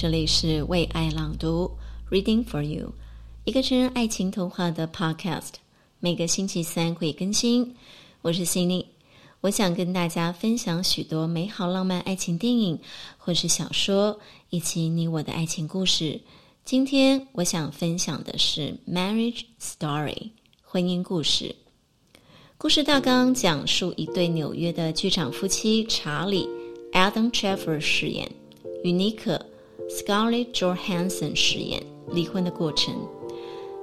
這裡是為愛朗讀 （Reading for You），一個成人愛情童話的 Podcast，每個星期三會更新。我是心 y，我想跟大家分享許多美好浪漫愛情電影，或是小說，以及你我的愛情故事。今天我想分享的是《Marriage Story》（婚姻故事）。故事大綱講述一對紐約的劇場夫妻，查理 （Adam t r e v e r 飾演與尼克。Scarlett Johansson 飾演離婚的過程。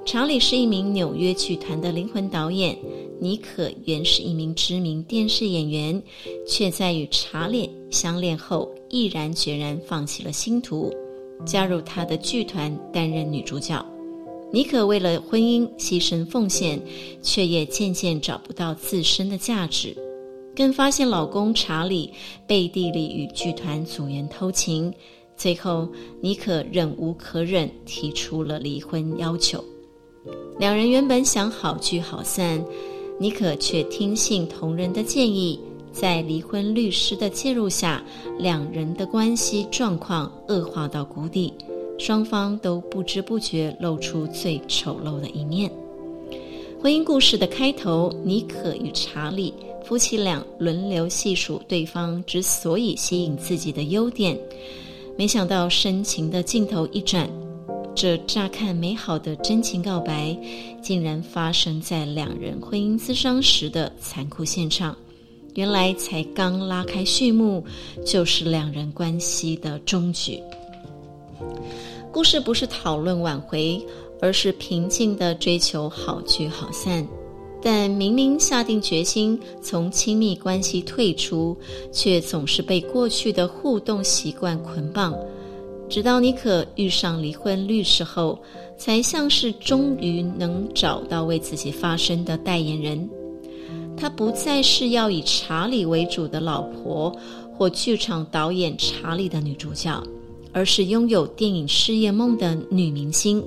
查理是一名紐約劇團的靈魂導演，妮可原是一名知名電視演員，卻在與查理相戀後毅然決然放棄了星途，加入他的劇團擔任女主角。妮可為了婚姻犧牲奉獻，卻也漸漸找不到自身的價值，更發現老公查理背地裡與劇團組員偷情。最後，妮可忍無可忍，提出了離婚要求。兩人原本想好聚好散，妮可卻聽信同人的建議，在離婚律師的介入下，兩人的關係狀況惡化到谷底，雙方都不知不覺露出最醜陋的一面。婚姻故事的開頭，妮可與查理夫妻倆輪流細數對方之所以吸引自己的優點。沒想到深情的鏡頭一轉，這乍看美好的真情告白，竟然發生在兩人婚姻諮商時的殘酷現場。原來才剛拉開序幕，就是兩人關係的終局。故事不是討論挽回，而是平靜地追求好聚好散。但明明下定決心從親密關係退出，卻總是被過去的互動習慣捆綁。直到妮可遇上離婚律師後，才像是終於能找到為自己發聲的代言人。她不再是要以查理為主的老婆，或劇場導演查理的女主角，而是擁有電影事業夢的女明星。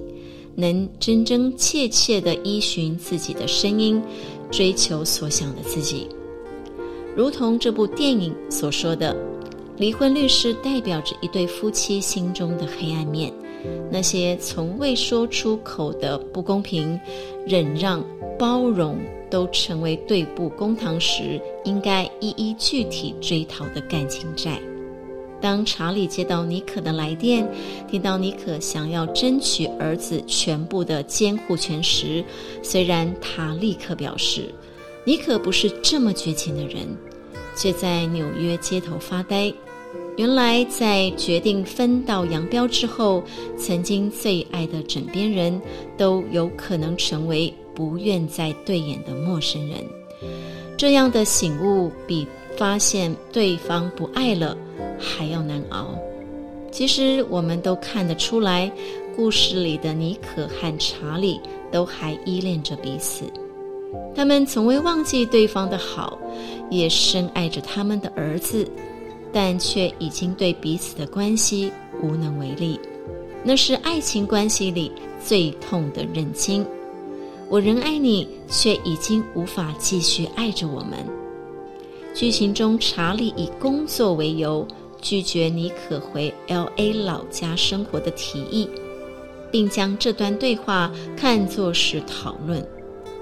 能真真切切地依循自己的聲音，追求所想的自己，如同這部電影所說的，離婚律師代表着一對夫妻心中的黑暗面，那些從未說出口的不公平、忍讓、包容，都成為對簿公堂時應該一一具體追討的感情債。當查理接到妮可的來電，聽到妮可想要爭取兒子全部的監護權時，雖然他立刻表示，妮可不是這麼絕情的人，卻在紐約街頭發呆。原來，在決定分道揚鑣之後，曾經最愛的枕邊人都有可能成為不願再對眼的陌生人。這樣的醒悟比發現對方不愛了，還要難熬。其實我們都看得出來，故事裡的妮可和查理都還依戀着彼此。他們從未忘記對方的好，也深愛着他們的兒子，但卻已經對彼此的關係無能為力。那是愛情關係裡最痛的認清：我仍愛你，卻已經無法繼續愛着我們。劇情中，查理以工作為由拒絕妮可回 L.A. 老家生活的提議，並將這段對話看作是討論，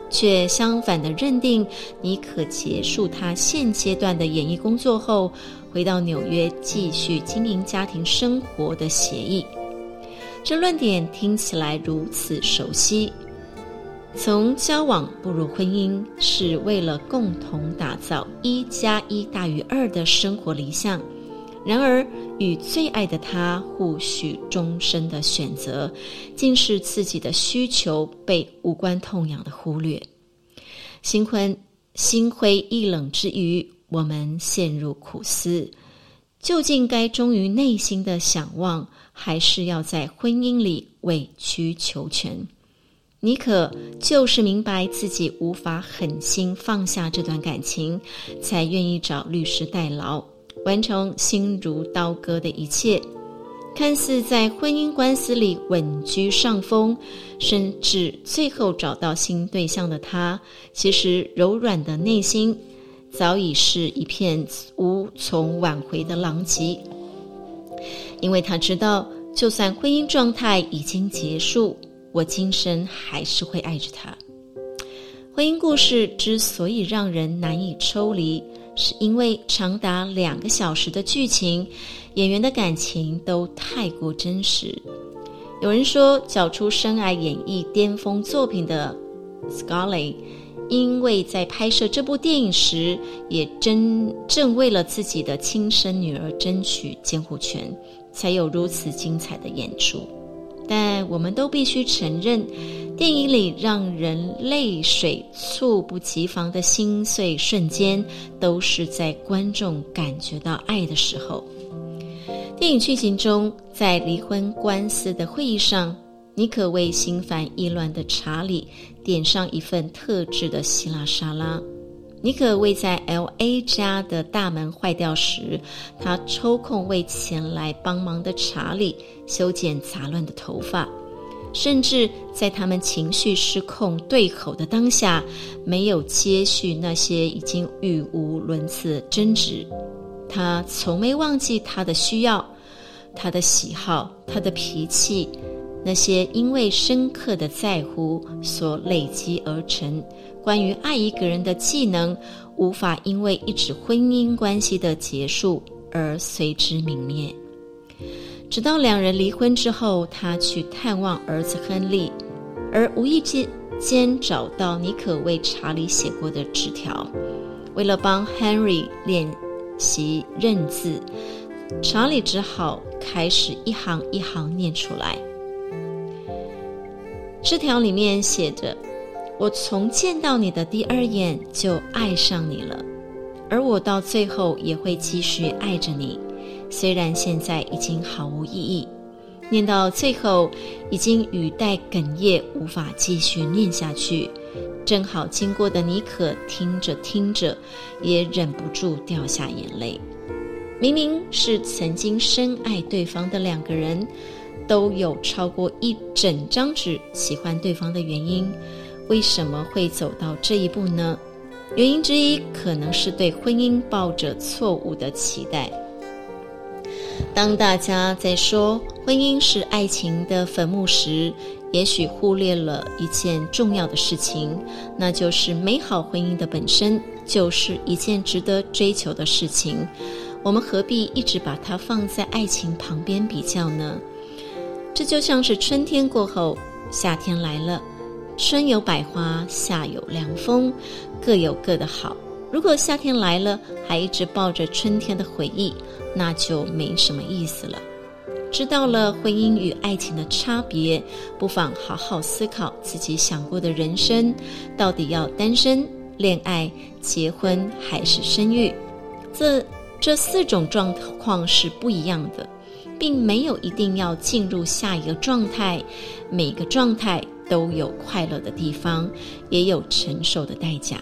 卻相反地認定妮可結束她現階段的演藝工作後，回到紐約繼續經營家庭生活的協議。這論點聽起來如此熟悉。從交往步入婚姻，是為了共同打造一加一大於二的生活理想。然而，與最愛的他互許終身的選擇，竟是自己的需求被無關痛癢的忽略。新婚心灰意冷之餘，我們陷入苦思：究竟該忠於內心的想望，還是要在婚姻裡委曲求全？妮可就是明白自己無法狠心放下這段感情，才願意找律師代勞，完成心如刀割的一切。看似在婚姻官司裡穩居上風，甚至最後找到新對象的他，其實柔軟的內心早已是一片無從挽回的狼藉。因為他知道，就算婚姻狀態已經結束，我今生還是會愛着他。婚姻故事之所以讓人難以抽離，是因為長達兩個小時的劇情，演員的感情都太過真實。有人說，交出深愛演繹巔峰作品的 Scarlett，因為在拍攝這部電影時，也真正為了自己的親生女兒爭取監護權，才有如此精彩的演出。但我們都必須承認，電影裡讓人淚水猝不及防的心碎瞬間，都是在觀眾感覺到愛的時候。電影劇情中，在離婚官司的會議上，妮可為心煩意亂的查理點上一份特制的希臘沙拉。尼可為在 LA 家的大門壞掉時，她抽空為前來幫忙的查理修剪雜亂的頭髮，甚至在他們情緒失控對吼的當下，沒有接續那些已經語無倫次的爭執。他從沒忘記他的需要、他的喜好、他的脾氣，那些因為深刻的在乎所累積而成。關於愛一個人的技能，無法因為一紙婚姻關係的結束而隨之泯滅。直到兩人離婚之後，他去探望兒子亨利，而無意間找到妮可為查理寫過的紙條。為了幫 Henry 練習認字，查理只好開始一行一行念出來。紙條裡面寫着。我從見到你的第二眼就愛上你了，而我到最後也會繼續愛着你，雖然現在已經毫無意義。念到最後，已經語帶哽咽，無法繼續念下去。正好經過的妮可聽着聽着，也忍不住掉下眼淚。明明是曾經深愛對方的兩個人，都有超過一整張紙喜歡對方的原因。為什麼會走到這一步呢？原因之一可能是對婚姻抱着錯誤的期待。當大家在說婚姻是愛情的墳墓時，也許忽略了一件重要的事情，那就是美好婚姻的本身就是一件值得追求的事情。我們何必一直把它放在愛情旁邊比較呢？這就像是春天過後，夏天來了。春有百花，夏有涼風，各有各的好。如果夏天來了，還一直抱着春天的回憶，那就沒什麼意思了。知道了婚姻與愛情的差別，不妨好好思考自己想過的人生，到底要單身、戀愛、結婚還是生育？這這四種狀況是不一樣的，並沒有一定要進入下一個狀態，每一個狀態。都有快樂的地方，也有承受的代價。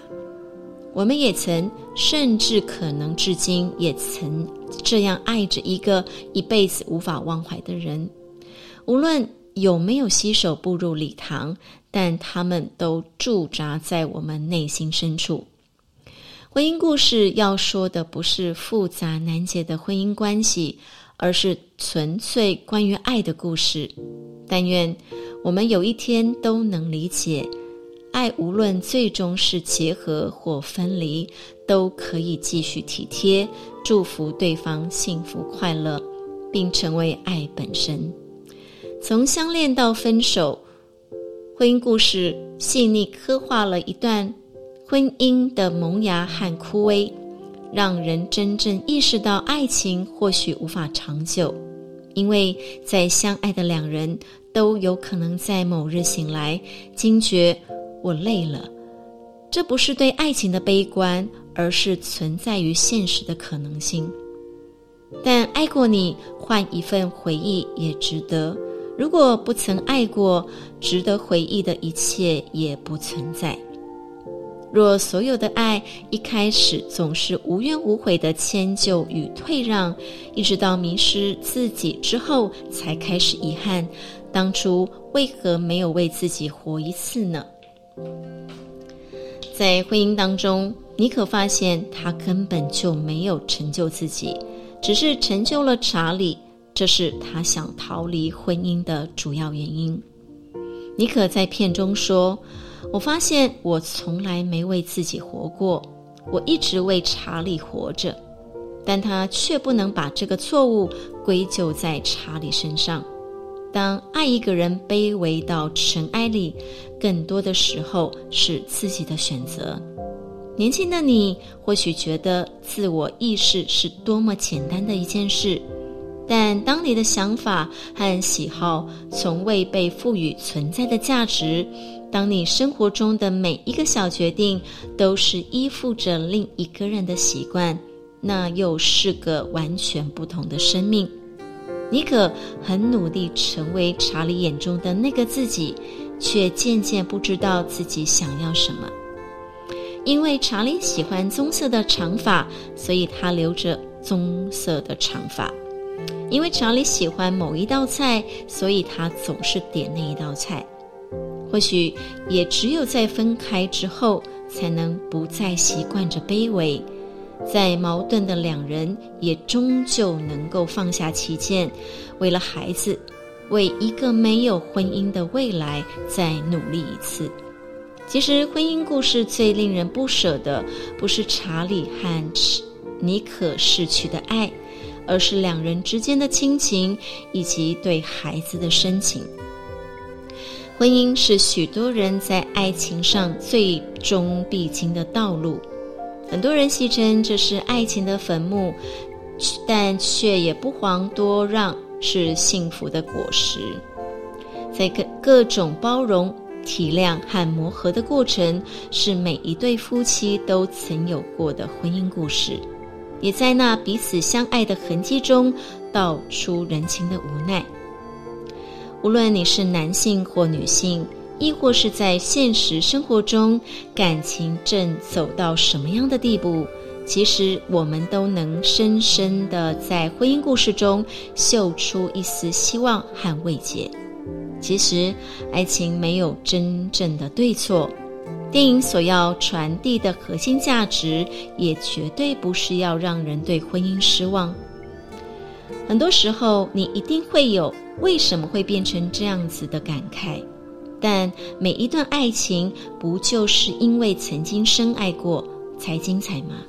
我們也曾，甚至可能至今也曾這樣愛着一個一輩子無法忘懷的人。無論有沒有攜手步入禮堂，但他們都駐紮在我們內心深處。婚姻故事要說的不是複雜難解的婚姻關係，而是純粹關於愛的故事。但願。我們有一天都能理解，愛無論最終是結合或分離，都可以繼續體貼，祝福對方幸福快樂，並成為愛本身。從相戀到分手，婚姻故事細膩刻畫了一段婚姻的萌芽和枯萎，讓人真正意識到愛情或許無法長久。因為在相愛的兩人都有可能在某日醒來，驚覺我累了，這不是對愛情的悲觀，而是存在於現實的可能性。但愛過你，換一份回憶也值得；如果不曾愛過，值得回憶的一切也不存在。若所有的愛一開始總是無怨無悔的遷就與退讓，一直到迷失自己之後，才開始遺憾當初為何沒有為自己活一次呢？在婚姻當中，妮可發現她根本就沒有成就自己，只是成就了查理，這是她想逃離婚姻的主要原因。妮可在片中說：“我發現我從來沒為自己活過，我一直為查理活着，但他卻不能把這個錯誤歸咎在查理身上。當愛一個人卑微到塵埃裡，更多的時候是自己的選擇。年輕的你或許覺得自我意識是多麼簡單的一件事。”但當你的想法和喜好，從未被賦予存在的價值，當你生活中的每一個小決定都是依附着另一個人的習慣，那又是個完全不同的生命。妮可很努力成為查理眼中的那個自己，卻漸漸不知道自己想要什麼。因為查理喜歡棕色的長髮，所以他留着棕色的長髮。因為查理喜歡某一道菜，所以他總是點那一道菜。或許也只有在分開之後，才能不再習慣着卑微。在矛盾的兩人，也終究能夠放下歧見，為了孩子，為一個沒有婚姻的未來再努力一次。其實，婚姻故事最令人不捨的，不是查理和妮可逝去的愛。而是兩人之間的親情以及對孩子的深情。婚姻是許多人在愛情上最終必經的道路，很多人戲稱這是愛情的墳墓，但卻也不遑多讓，是幸福的果實。在各各種包容、體諒和磨合的過程，是每一對夫妻都曾有過的婚姻故事。也在那彼此相愛的痕迹中道出人情的無奈。無論你是男性或女性，亦或是在現實生活中，感情正走到什麼樣的地步，其實我們都能深深地在婚姻故事中嗅出一絲希望和慰藉。其實，愛情沒有真正的對錯。電影所要傳遞的核心價值，也絕對不是要讓人對婚姻失望。很多時候，你一定會有為什麼會變成這樣子的感慨。但每一段愛情，不就是因為曾經深愛過才精彩嗎？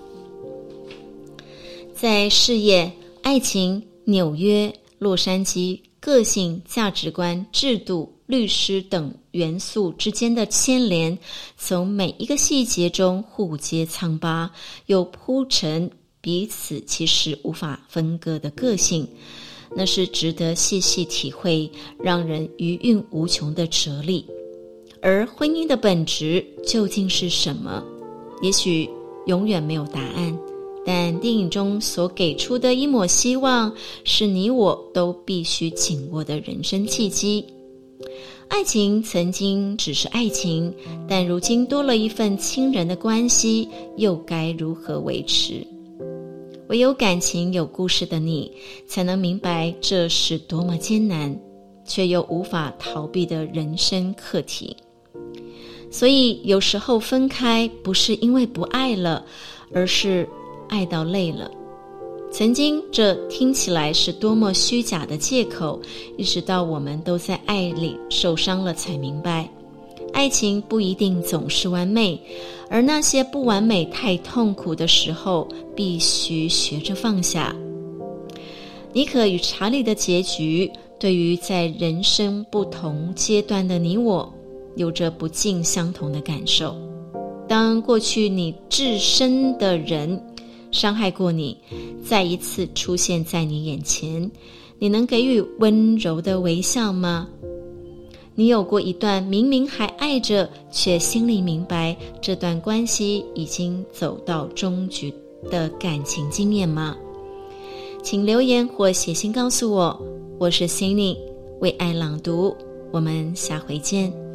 在事業、愛情、紐約、洛杉磯。個性、價值觀、制度、律師等元素之間的牽連，從每一個細節中互揭瘡疤，又鋪陳彼此其實無法分割的個性，那是值得細細體會、讓人餘韻無窮的哲理。而婚姻的本質究竟是什麼？也許永遠沒有答案。但電影中所給出的一抹希望，是你我都必須緊握的人生契機。愛情曾經只是愛情，但如今多了一份親人的關係，又該如何維持？唯有感情有故事的你，才能明白這是多麼艱難卻又無法逃避的人生課題。所以，有時候分開不是因為不愛了，而是……愛到累了，曾經這聽起來是多麼虛假的借口。意識到我們都在愛裡受傷了，才明白，愛情不一定總是完美，而那些不完美、太痛苦的時候，必須學着放下。妮可與查理的結局，對於在人生不同階段的你我，有着不盡相同的感受。當過去你置身的人。傷害過你，再一次出現在你眼前，你能給予溫柔的微笑嗎？你有過一段明明還愛着，卻心裡明白這段關係已經走到終局的感情經驗嗎？請留言或寫信告訴我。我是 s i n n y 為愛朗讀。我們下回見。